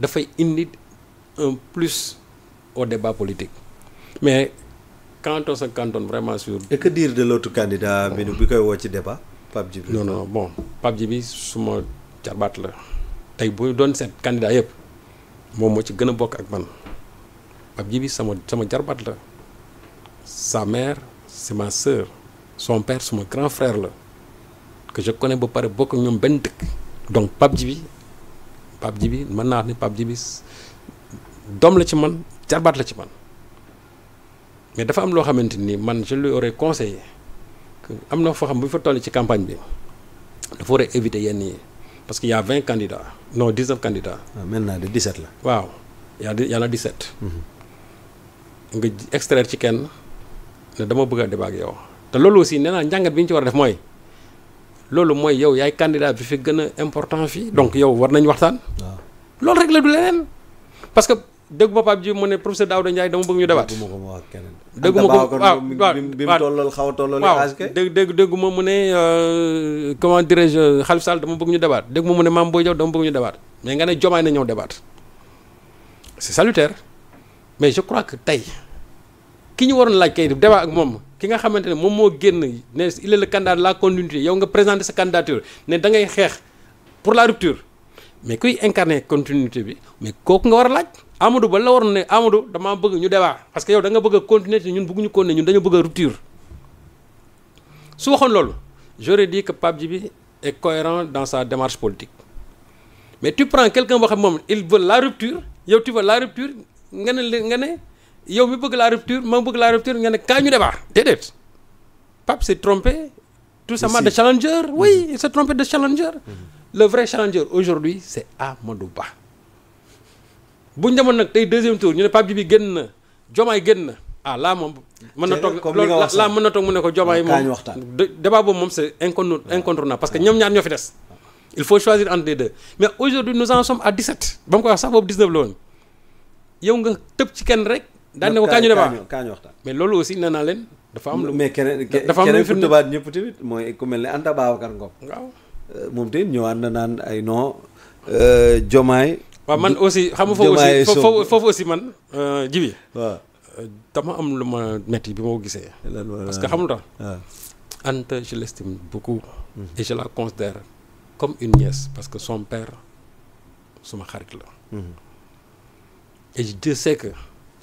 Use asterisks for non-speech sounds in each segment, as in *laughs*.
dafay indi un plus au débat politique mais quand on se cantonne vraiment sur. et que dire de l'autre candidat. bi bi koy woo ci débat Pape Djibi. non non bon Pape Djibi suma jarbaat la tey bu doon seet candidat yëpp moom moo ci gën a bokk ak man Pape Djibi sama sama jarbaat la sa mère c'est ma sœur son père suma grand frère la que je connais ba pare bokk ñoom benn dëkk donc Pape Djibi. Pape Djibi mën naa wax ni Pape Djibi doom la ci man jarbaat la ci man mais dafa am loo xamante ni man je lui aurais conseillé que am na foo xam bu fa toll ci campagne bi dafa war a éviter yenn yi parce que y' a vingt candidats non dix neuf candidats. waaw ah, maintenant de di set la. waaw y' a y' en a mhm. nga extraire ci kenn ne dama bëgg a débat yow te loolu aussi nee naa njàngat bi ñu ci war a def mooy. loolu mooy yow yaay candidat bi fi gën a important fii donc yow war nañ waxtaan. loolu rek la du leneen parce que dëgg ba Pape ji mu ne professeur Daouda Ndiaye dama bëgg ñu débat. dëgguma ko ma keneen. dëgguma ko waaw bi mu tollal xaw a tollal waaw dëgg dëgg dëgguma mu ne euh, comment dirais-je Khalifa Sall dama bëgg ñu débat dëgguma mu ne Mame Boye Diao dama bëgg ñu débat mais nga ne Diomaye na ñëw débat c'est salutaire mais je crois que tey ki ñu waroon laaj kay débat ak moom. ki nga xamante ne moom moo génn ne il est le la continuité yow nga présenter sa candidature ne da ngay xeex pour la rupture mais kuy incarner continuité bi mais kooku nga war a laaj Amadou Ba la waroon ne Amadou damaa bëgg ñu débat parce que yow da bëgg a continuer te ñun bëgguñu ko ne ñun dañu bëgg a rupture su waxoon loolu j'aurais dit que Pape bi est cohérent dans sa démarche politique mais tu prends quelqu'un boo xam moom il veut la rupture yow tu veux la rupture nga ne nga ne yow mi bëgg la rupture ma bëgg la rupture nga ne kaa ñu débat déedéet Pape s'est trompé sa simplement de challenger oui mhm. il s'est trompé de challenger mhm. le vrai challenger aujourd'hui c'est Amadou Ba bu ñu demoon nag tey deuxième tour ñu ne Pape Djibi génn na Diomaye génn na ah laa moom mën na toog loolu laa mën na toog mu ne ko Diomaye moom débat boobu moom c'est incontour incontournable parce que ñoom ñaar ñoo fi des il faut choisir entre les deux mais aujourd'hui nous en sommes à 17 ba mu ko wax sax boobu yow nga tëb ci kenn rek daan ne ko kañu débat kañu waxtaan mais loolu aussi nee naa leen dafa am lu mais keneen dafa am lu fi debaat ñëpp tamit mooy ku mel ne Anta Babacar Ngom waaw euh, moom naan ay non jomaay euh, man aussi xam foofu aussi man euh, jibi am lu ma metti bi ma ko gisee parce que xam lu tax Anta je l'estime beaucoup mhm. et je la considère comme une nièce parce que son père suma xarit la mhm.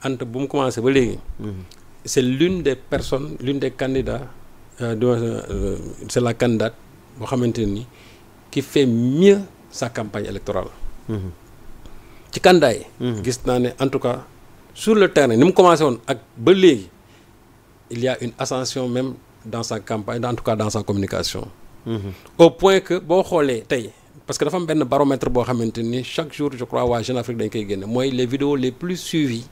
Anta bu mu commencé ba léegi. Mhm. c' est l'une des personnes l'une des candidats euh, euh c' est la candidate boo xamante ne nii qui fait mieux sa campagne électorale. Mhm. ci candidat yi. Mhm. gis naa ne en tout cas sur le terrain ni mu commencé woon ak ba léegi il y a une ascension même dans sa campagne en tout cas dans sa communication. au point que boo xoolee tey. parce que dafa am benn boo xamante ni chaque jour je crois waa Jeune Afrique dañ koy génne mooy les vidéos les plus suivies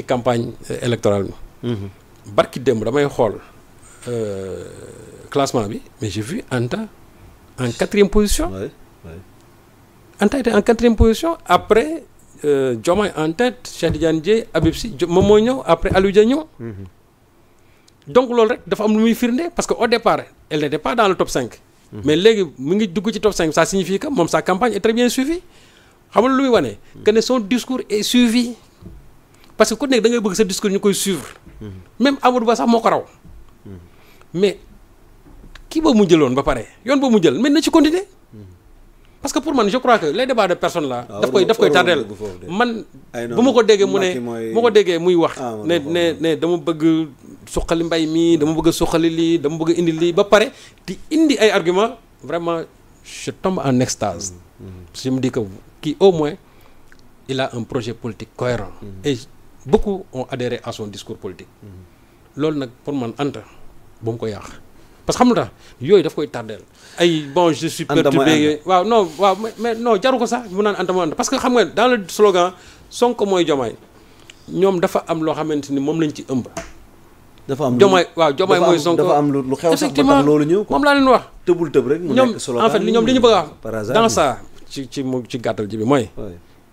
ci campagne euh, électorale bi. Mhm. barki démb damay xool euh, classement bi mais j'ai vu Anta en quatrième position. oui oui. Anta était en quatrième position après euh, Diomaye en tête Cheikh Tidiane Dièye Habib Sy moom mooy ñëw après Aliou Dia ñëw. Mhm. donc loolu rek dafa am lu muy firnde parce que au départ elle n'était pas dans le top 5. Mhm. mais léegi mu ngi dugg ci top 5 ça signifie que moom sa campagne est très bien suivie xam nga lu muy wane. que son discours est suivi. parce que ku dangay bëgg sa discours ñu koy suivre. Mm-hmm. même Amadou Ba sax moo ko raw. Mm-hmm. mais kii boobu mu jëloon ba pare yoon boobu mu jël mais na ci continuer. Mm-hmm. parce que pour man je crois que les débats de personne là. Ah, daf koy daf koy tardeel man. bu ma ko déggee mu ne bu ma ko déggee muy wax. Ah, ne ne ne dama bëgg suqali mbay mi dama bëgg suqali lii dama bëgg indi lii ba pare di indi ay argument vraiment je tombe en extase. parce que je me dis kii au moins il a un projet politique cohérent beaucoup ont adhéré à son discours politique. loolu nag pour man Anta bu mu ko yàq parce que xam nga tax yooyu daf koy tardeel ay bon je suis perturbé waaw non waaw mais non jaru ko sax mu naan Anta mooy Anta parce que xam nga dans le slogan Sonko mooy Jomaay ñoom dafa am loo xamante ni moom lañ ci ëmb. dafa am lu Jomaay waaw Jomaay mooy Sonko dafa am lu xew sax ba tax loolu ñëw moom laa leen wax. tëbul tëb rek mu nekk slogan ñoom en fait a wax. ci ci ci gàttal ji bi mooy.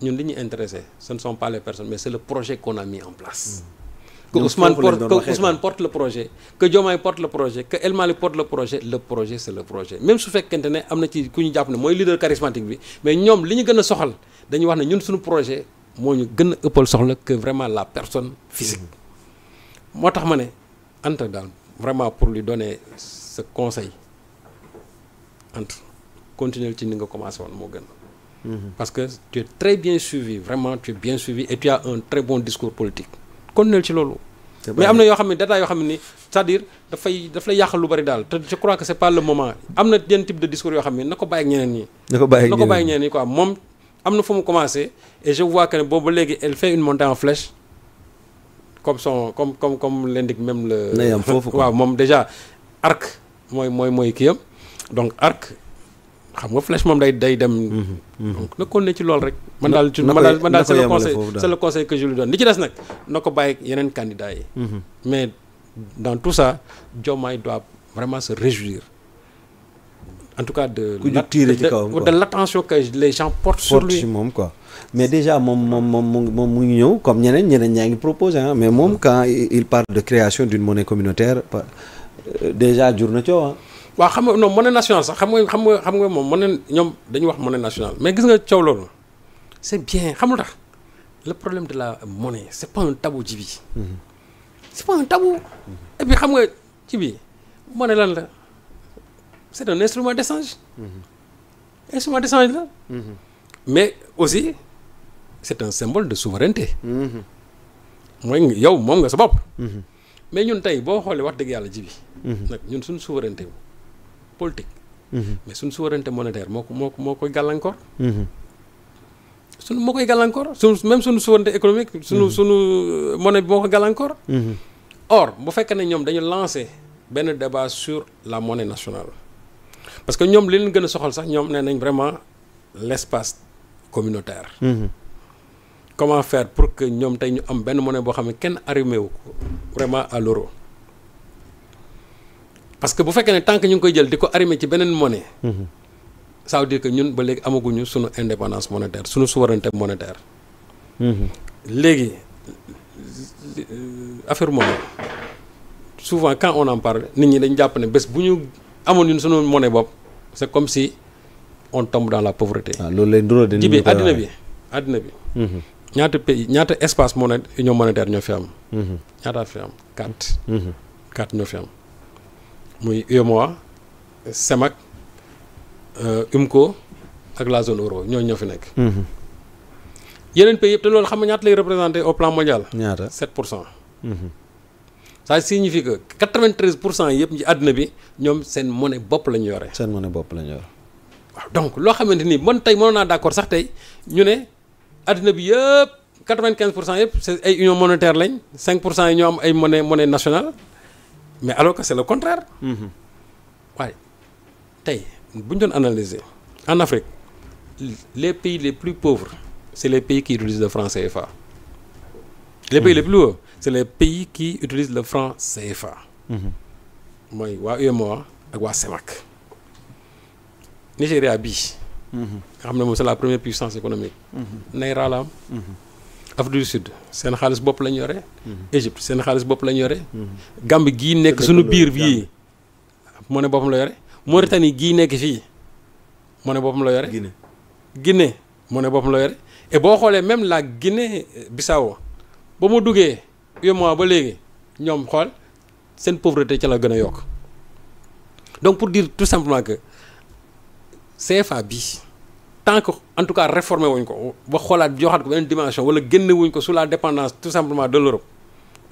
ñun li ñu intéressé ce ne sont pas mais c'est le projet qu'on a mis en place. Mm. que Ousmane port que Ousmane porte le projet. que Diomaye porte le projet que El Malick porte le projet le projet c'est le projet même su fekkente ne am na ci ku ñu jàpp ne mooy leader charismatique bi mais ñoom li ñu gën a soxal dañuy wax ne ñun suñu projet moo ñu gën a ëppal soxla que vraiment la personne physique. Mm. moo tax ma ne entre daal vraiment pour lui donner sa conseil Anta continuer ci ni nga commencé woon moo gën. Mhm. parce que tu es très bien suivi vraiment tu es tu as un très bon discours politique continuel ci loolu mais am na yoo xam ne data yoo xam ne c'est-à-dire dafay daf lay yàqal lu bari daal te je que c'est pas le moment am na yenn type de discours yoo xam ne na ko bàyyi ak ñeneen ñi na moom am na fu mu commencé et je vois que ne boobu ba léegi elle une montée en comme son comme comme comme l'indique même le *laughs* waaw moom déjà arc mooy mooy mooy kiyam xam nga flèche moom day day dem. Mhm, mhm. donc nekkoon na ci loolu rek. man daal ci man daal man daal c'est le conseil c'est que je lui donne li ci des nag na ko bàyyi yeneen candidats yi. Mhm. mais dans tout ça Diomaye doit vraiment se réjouir en tout cas de. ku ñu tiire ci kawam quoi de l'attention que les gens portent sur lui moom quoi. mais déjà moom moom moom moom mu ngi ñëw comme ñeneen ñeneen ñaa ngi proposé ah mais moom quand il parle de création d'une monnaie communautaire euh, déjà jur na waa xam nga non monnaie nationale sax xam nga xam nga xam nga moom monnaie ñoom dañu wax monnaie nationale mais gis nga coow loolu c'est bien xam tax le problème de la monnaie c'est pas un tabou ji bi mm-hmm. c'est pas un tabou xam nga ci bi monnaie lan la c'est un instrument d'échange mm-hmm. instrument d'échange la mm-hmm. mais aussi c'est un symbole de souveraineté mooy yow moom nga sa bopp mais ñun tey boo xoolee wax dëgg yàlla ji nag ñun suñu souveraineté politique. Mm-hmm. mais suñu souveraineté monétaire moo ko moo ko koy gàllankoor. Mm-hmm. suñu moo koy gàllankoor suñu même suñu souveraineté économique. suñu mm-hmm. suñu euh, monnaie bi moo ko gàllankoor. or bu fekkee ne ñoom dañu lancé benn débat sur la monnaie nationale. parce que ñoom li leen gën soxal sax ñoom nee nañ vraiment l' communautaire. Mmh. comment faire pour que ñoom tey ñu am benn monnaie boo xam ne kenn arrimé wu ko vraiment à l'euro parce que bu fekkee ne tant ñu ngi koy jël di ko arrimer ci beneen monnaie. Mhm. ça veut dire que ñun ba léegi amaguñu suñu indépendance monétaire suñu souveraineté monétaire. Mhm. léegi affaire monnaie souvent quand on en nit ñi dañ jàpp ne bés bu ñu amoon ñun suñu monnaie bopp c'est comme si on tombe dans la pauvreté. waaw ah, loolu lay dural di. bi àddina bi àddina bi. Mhm. ñaata pays ñaata espace monétaire union monétaire ñoo fi am. ñaata fi am quatre. quatre ñoo fi am. muy UEMOA CEMAC euh, UMCO ak la zone euro ñooñu ñoo fi nekk. Mhm. yeneen pays yëpp te loolu xam nga ñaata lay représenté au plan mondial. ñaata 7 pour cent. Mhm. ça signifie que 93 pour cent yëpp ci àdduna bi ñoom seen monnaie bopp la ñu yore. seen monnaie bopp la ñu yore. waaw donc loo xamante ni man tey mënoon naa d' sax tey ñu ne àdduna bi yëpp 95 pour cent yëpp c' est ay union monétaire lañ 5 pour cent yi ñoo am ay monnaie monnaie national mais alors que c'est le contraire. Mhm. waaye tey bu ñu doon analyser en Afrique les pays les plus pauvres c'est les pays qui utilisent le franc CFA. les pays mhm. les plus hauts c'est les pays qui utilisent le franc CFA. Mhm. mooy waa UEMOA ak waa CEMAC. Nigéria bii. nga xam ne moom c'est la première puissance économique. Naira la Afrique du Sud seen xaalis bopp lañu yore. Mhm. Égypte seen xaalis bopp lañ yore. Mhm. Gambie gii nekk suñu biir bii monnaie boppam la yore. Mauritanie gii nekk fii monnaie boppam la yore. Guinée ne monnaie boppam la yore et boo xoolee même la Guinée Bissau ba mu duggee UEMOA ba léegi ñoom xool seen pauvreté ca la gën a yokk donc pour dire tout simplement que CFA bi tant que en tout cas réformé wuñ ko ba xoolaat joxaat ko beneen dimension wala génne wuñ ko sous la dépendance tout simplement de l'Europe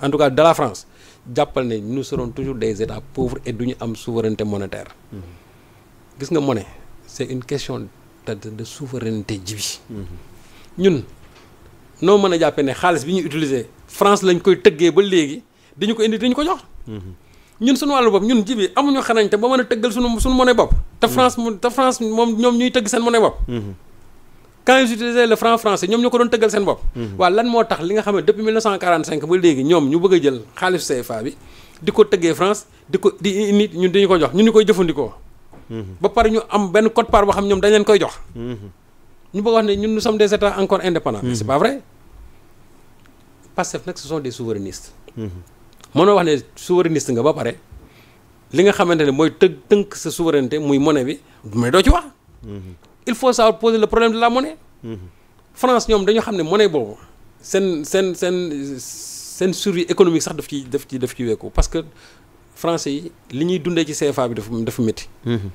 en tout cas de la France jàppal ne nous serons toujours des états pauvres et du ñu am souveraineté monétaire. Mm-hmm. gis nga monnaie c'est une question de de souveraineté ji bi. Mm-hmm. ñun noo mën a jàppee ne xaalis bi ñu utiliser France lañ koy tëggee ba léegi dañu ko indi dañu ko jox. Mm-hmm. ñun suñu wàllu bopp ñun ji bi amuñu xarañte ba mën a tëggal suñu suñu monnaie bopp. te France mu te moom ñoom ñuy tëgg seen monnaie bopp. Mhm. quand ils utilisaient le franc français ñoom ñoo ko doon tëggal seen bopp. Mhm. waaw lan moo tax li nga xam ne depuis 1945 ba léegi ñoom ñu bëgg a jël xaalis CFA bi di ko tëggee France di ko di nit ñun dañu ko jox ñu ñu koy jëfandikoo. Mhm. ba pare ñu am benn code part boo xam ñoom dañ leen koy jox. ñu bëgg wax ne ñun nous sommes des états encore indépendants. mais c'est pas vrai Pastef nag ce sont des souverainistes. mënoo wax ne souverainiste nga ba pare. li nga xamante ne mooy tëg tënk sa souveraineté muy mone bi mais doo ci wax mhm. il faut savoir poser le problème de la monnaie mhm. France ñoom dañoo xam ne monnaie boobu seen seen seen seen survie économique sax daf ci daf ci daf ci weeku parce que français yi li ñuy dundee ci CFA bi dafa dafa métti mhm.